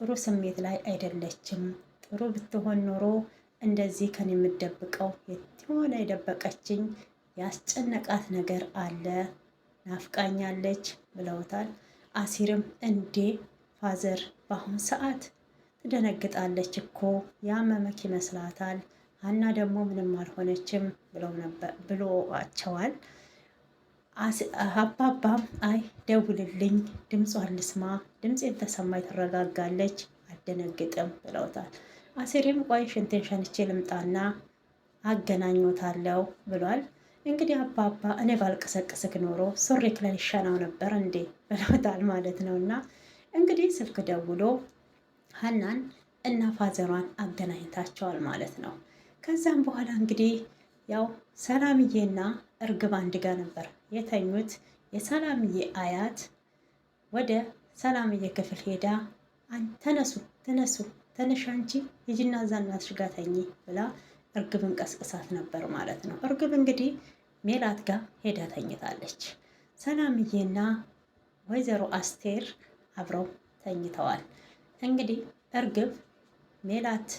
ጥሩ ስሜት ላይ አይደለችም። ጥሩ ብትሆን ኖሮ እንደዚህ ከን የምደብቀው የሆነ የደበቀችኝ ያስጨነቃት ነገር አለ፣ ናፍቃኛለች ብለውታል። አሲርም እንዴ ፋዘር በአሁን ሰዓት ትደነግጣለች እኮ ያመመክ ይመስላታል፣ ሀና ደግሞ ምንም አልሆነችም ብሎ ነበር ብሎዋቸዋል። አባባም አይ ደውልልኝ፣ ድምጿን ልስማ፣ ድምጽ ተሰማ ትረጋጋለች፣ አደነግጥም ብለውታል። አሴሪም ቆይ ሽንቴን ሸንቼ ልምጣና አገናኞታለው ብሏል። እንግዲህ አባባ እኔ ባልቀሰቅስክ ኖሮ ሱሪ ክለን ይሻናው ነበር እንዴ ብለውታል ማለት ነው። እና እንግዲህ ስልክ ደውሎ ሀናን እና ፋዘሯን አገናኝታቸዋል ማለት ነው። ከዛም በኋላ እንግዲህ ያው ሰላምዬና እርግብ አንድ ነበር የተኙት የሰላምዬ አያት ወደ ሰላምዬ ክፍል ሄዳ ተነሱ ተነሱ ተነሽ አንቺ ሂጂና እዛ እናትሽ ጋር ተኚ ብላ እርግብን ቀስቅሳት ነበር ማለት ነው። እርግብ እንግዲህ ሜላት ጋር ሄዳ ተኝታለች። ሰላምዬና ወይዘሮ አስቴር አብረው ተኝተዋል። እንግዲህ እርግብ ሜላት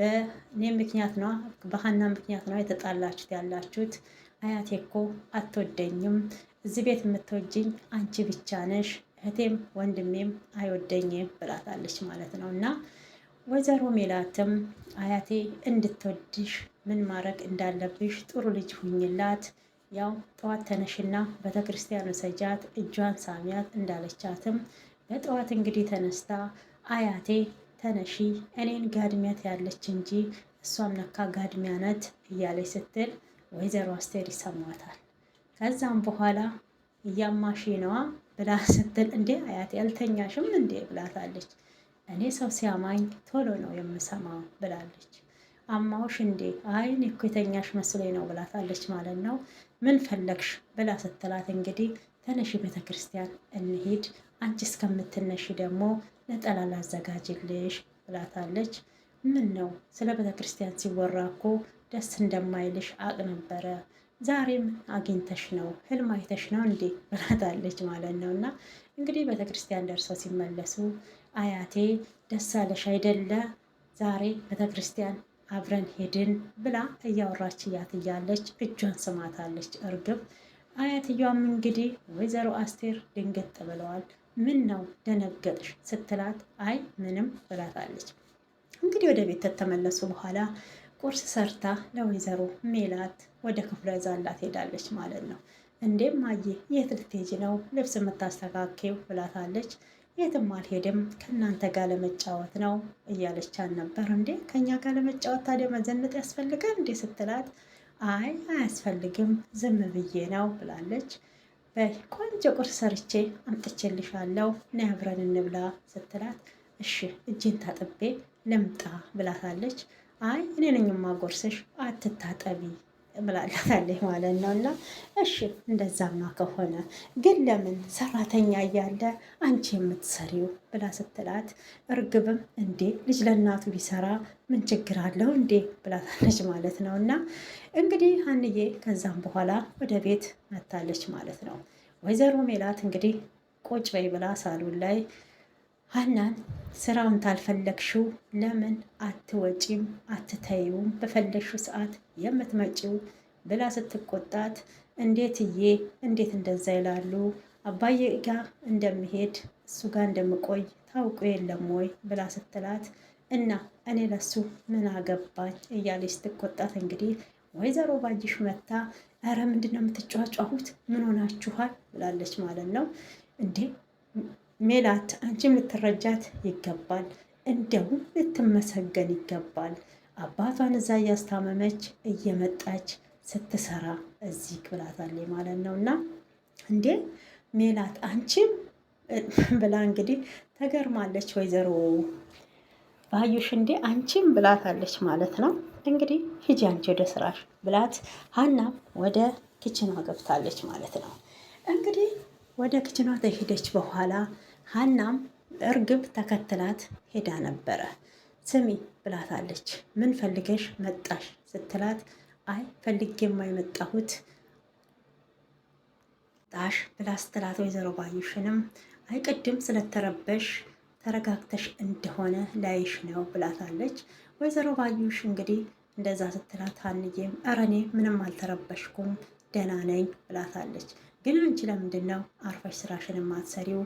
በእኔ ምክንያት ነው በሀና ምክንያት ነው የተጣላችሁት ያላችሁት አያቴ እኮ አትወደኝም፣ እዚህ ቤት የምትወጅኝ አንቺ ብቻ ነሽ፣ እህቴም ወንድሜም አይወደኝም ብላታለች ማለት ነው። እና ወይዘሮ ሜላትም አያቴ እንድትወድሽ ምን ማድረግ እንዳለብሽ ጥሩ ልጅ ሁኝላት፣ ያው ጠዋት ተነሽና ቤተ ክርስቲያን እጇን ሳሚያት እንዳለቻትም በጠዋት እንግዲህ ተነስታ አያቴ ተነሺ እኔን ጋድሚያት ያለች እንጂ እሷም ነካ ጋድሚያ እያለች ስትል ወይዘሮ አስቴር ይሰማታል። ከዛም በኋላ እያማሽ ነዋ ብላ ስትል እንዴ አያቴ ያልተኛሽም እንዴ ብላታለች። እኔ ሰው ሲያማኝ ቶሎ ነው የምሰማው ብላለች። አማውሽ እንዴ አይ እኔ እኮ የተኛሽ መስሎኝ ነው ብላታለች ማለት ነው። ምን ፈለግሽ ብላ ስትላት እንግዲህ ተነሽ ቤተ ክርስቲያን እንሂድ፣ አንቺ እስከምትነሽ ደግሞ ነጠላ ላዘጋጅልሽ ብላታለች። ምን ነው ስለ ቤተ ክርስቲያን ሲወራ እኮ ደስ እንደማይልሽ አቅ ነበረ። ዛሬም አግኝተሽ ነው ህልም አይተሽ ነው እንዴ ብላታለች ማለት ነው። እና እንግዲህ ቤተክርስቲያን ደርሰው ሲመለሱ አያቴ ደስ አለሽ አይደለ ዛሬ ቤተክርስቲያን አብረን ሄድን ብላ እያወራች እያት እያለች እጇን ስማታለች እርግብ። አያትየዋም እንግዲህ ወይዘሮ አስቴር ድንገት ብለዋል። ምን ነው ደነገጥሽ ስትላት አይ ምንም ብላታለች። እንግዲህ ወደ ቤት ከተመለሱ በኋላ ቁርስ ሰርታ ለወይዘሮ ሜላት ወደ ክፍለ ዛላት ሄዳለች ማለት ነው። እንዴም ማየ የት ልትሄጂ ነው ልብስ የምታስተካከው ብላታለች። የትም አልሄድም ከእናንተ ጋር ለመጫወት ነው እያለቻን ነበር። እንዴ ከእኛ ጋር ለመጫወት ታዲያ መዘነጥ ያስፈልጋል እንዴ ስትላት፣ አይ አያስፈልግም ዝም ብዬ ነው ብላለች። በይ ቆንጆ ቁርስ ሰርቼ አምጥቼልሻለሁ ነይ አብረን እንብላ ስትላት፣ እሺ እጅን ታጥቤ ልምጣ ብላታለች። አይ እኔ ነኝ የማጎርስሽ አትታጠቢ ብላላታለች ማለት ነው። እና እሺ እንደዛማ ከሆነ ግን ለምን ሰራተኛ እያለ አንቺ የምትሰሪው ብላ ስትላት፣ እርግብም እንዴ ልጅ ለእናቱ ቢሰራ ምን ችግር አለው እንዴ ብላታለች ማለት ነው። እና እንግዲህ አንዬ ከዛም በኋላ ወደ ቤት መታለች ማለት ነው። ወይዘሮ ሜላት እንግዲህ ቁጭ በይ ብላ ሳሉን ላይ ሀናን ስራውን ታልፈለግሽው ለምን አትወጪም አትተይውም በፈለግሽው ሰዓት የምትመጪው ብላ ስትቆጣት፣ እንዴትዬ እንዴት እንደዛ ይላሉ አባዬ ጋ እንደምሄድ እሱ ጋር እንደምቆይ ታውቁ የለም ወይ ብላ ስትላት እና እኔ ለሱ ምን አገባኝ እያለች ስትቆጣት፣ እንግዲህ ወይዘሮ ባጅሽ መታ ኧረ ምንድን ነው የምትጫጫሁት? ምን ሆናችኋል? ብላለች ማለት ነው እንዴ ሜላት አንቺም ልትረጃት ይገባል፣ እንደውም ልትመሰገን ይገባል። አባቷን እዛ እያስታመመች እየመጣች ስትሰራ እዚህ ብላታል ማለት ነው። እና እንዴ ሜላት አንቺም ብላ እንግዲህ ተገርማለች ወይዘሮ ባዩሽ እንዴ አንቺም ብላታለች ማለት ነው። እንግዲህ ሂጂ አንቺ ወደ ስራሽ ብላት ሀና ወደ ክችኗ ገብታለች ማለት ነው። እንግዲህ ወደ ክችኗ ተሄደች በኋላ ሀናም እርግብ ተከትላት ሄዳ ነበረ። ስሚ ብላታለች። ምን ፈልገሽ መጣሽ ስትላት አይ ፈልጌ የማይመጣሁት ጣሽ ብላ ስትላት ወይዘሮ ባዩሽንም አይ ቅድም ስለተረበሽ ተረጋግተሽ እንደሆነ ላይሽ ነው ብላታለች። ወይዘሮ ባዩሽ እንግዲህ እንደዛ ስትላት ሀንዬም ኧረ እኔ ምንም አልተረበሽኩም ደህና ነኝ ብላታለች። ግን አንቺ ለምንድን ነው አርፈሽ ስራሽን የማትሰሪው?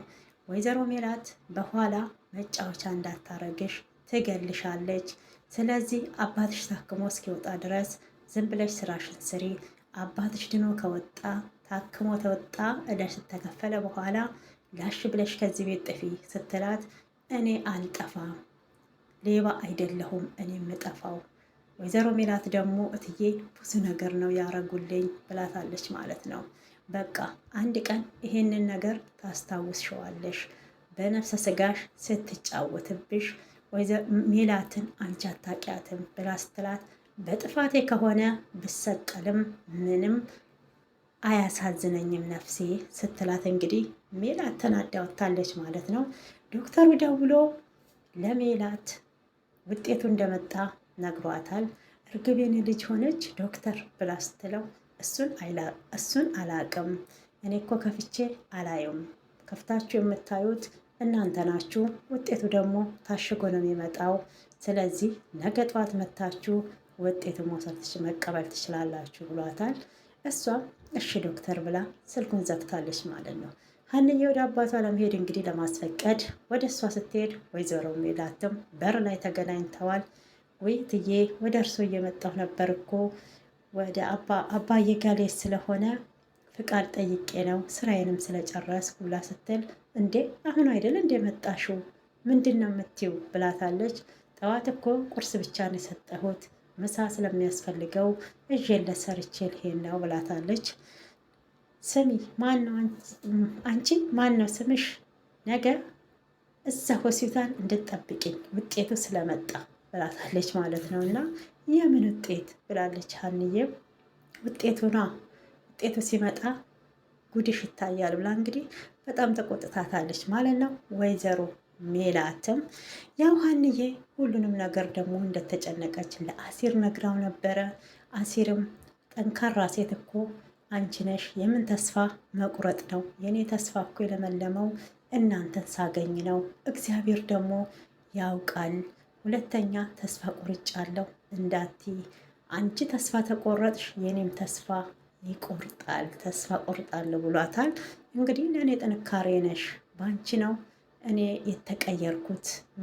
ወይዘሮ ሜላት በኋላ መጫወቻ እንዳታረግሽ ትገልሻለች። ስለዚህ አባትሽ ታክሞ እስኪወጣ ድረስ ዝም ብለሽ ስራሽን ስሪ። አባትሽ ድኖ ከወጣ ታክሞ ተወጣ እዳሽ ስተከፈለ በኋላ ላሽ ብለሽ ከዚህ ቤት ጥፊ ስትላት እኔ አልጠፋም፣ ሌባ አይደለሁም እኔ የምጠፋው ወይዘሮ ሜላት ደግሞ እትዬ ብዙ ነገር ነው ያረጉልኝ ብላታለች ማለት ነው። በቃ አንድ ቀን ይሄንን ነገር ታስታውስሸዋለሽ። በነፍሰ ስጋሽ ስትጫወትብሽ ሜላትን አንቺ አታውቂያትም ብላ ስትላት በጥፋቴ ከሆነ ብሰቀልም ምንም አያሳዝነኝም ነፍሴ ስትላት እንግዲህ ሜላት ተናዳ ወጥታለች ማለት ነው። ዶክተሩ ደውሎ ለሜላት ውጤቱ እንደመጣ ነግሯታል። እርግቤን ልጅ ሆነች ዶክተር ብላ ስትለው እሱን አላቅም። እኔ እኮ ከፍቼ አላየውም። ከፍታችሁ የምታዩት እናንተ ናችሁ። ውጤቱ ደግሞ ታሽጎ ነው የሚመጣው። ስለዚህ ነገ ጠዋት መታችሁ ውጤቱ መውሰድ መቀበል ትችላላችሁ ብሏታል። እሷም እሺ ዶክተር ብላ ስልኩን ዘግታለች ማለት ነው። ሀንዬ ወደ አባቷ ለመሄድ እንግዲህ ለማስፈቀድ ወደ እሷ ስትሄድ ወይዘሮ ሜላትም በር ላይ ተገናኝተዋል። ወይ ትዬ ወደ እርሶ እየመጣሁ ነበር እኮ ወደ አባ አባዬ ስለሆነ ፍቃድ ጠይቄ ነው ስራዬንም ስለጨረስኩ ብላ ስትል እንዴ አሁን አይደል እንደ መጣሽው ምንድን ነው የምትይው? ብላታለች። ጠዋት እኮ ቁርስ ብቻ ነው የሰጠሁት ምሳ ስለሚያስፈልገው እዤ ለሰርቼ ልሄድ ነው ብላታለች። ስሚ ማን ነው አንቺ? ማን ነው ስምሽ? ነገ እዛ ሆስፒታል እንድትጠብቂኝ ውጤቱ ስለመጣ ብላታለች ማለት ነው እና የምን ውጤት ብላለች ሀንዬም ውጤቱና ውጤቱ ሲመጣ ጉድሽ ይታያል ብላ እንግዲህ በጣም ተቆጥታታለች ማለት ነው። ወይዘሮ ሜላትም ያው ሀንዬ ሁሉንም ነገር ደግሞ እንደተጨነቀች ለአሲር ነግራው ነበረ። አሲርም ጠንካራ ሴት እኮ አንቺ ነሽ፣ የምን ተስፋ መቁረጥ ነው? የእኔ ተስፋ እኮ የለመለመው እናንተን ሳገኝ ነው። እግዚአብሔር ደግሞ ያውቃል ሁለተኛ ተስፋ ቆርጫለሁ እንዳቲ አንቺ ተስፋ ተቆረጥሽ፣ የኔም ተስፋ ይቆርጣል፣ ተስፋ ቆርጣለሁ ብሏታል። እንግዲህ ለእኔ ጥንካሬ ነሽ፣ ባንቺ ነው እኔ የተቀየርኩት